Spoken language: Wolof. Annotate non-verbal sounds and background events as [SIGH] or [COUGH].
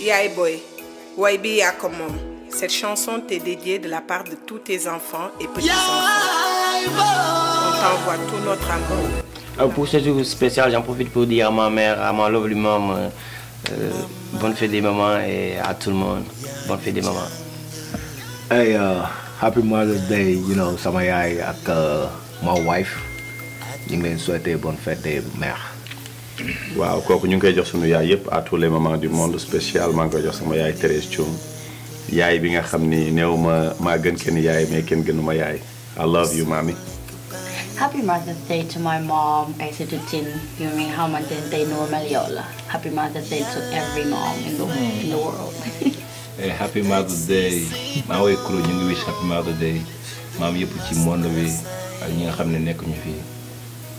Yaay Boy way bi yaa ko moom cette chanson t'est dédiée de la part de tous tes enfants et petits-enfants. On tout notre amour. Ah, pour ce spécial, j'en profite pour dire à ma mère, à ma lovely mom, euh, euh bonne des mamans et à tout le monde, bonne des mamans. Hey, uh, ma uh, wife. ñu ngi leen souhaiter des mères. waaw kooku ñu ngi koy jox sunu yaay yëpp à tous les moments du monde spécial maa ngi koy jox sama yaay Thérèse Thium yaay bi nga xam ni néew ma maa gën kenn yaay mais kenn gënu ma yaay I love you mami. Happy yu mi [LAUGHS] eh, happy Mother's Day maa way kuro ñu ngi wish happy Mother's Day maam yëpp ci monde bi ak ñi nga xam ne nekkuñu fi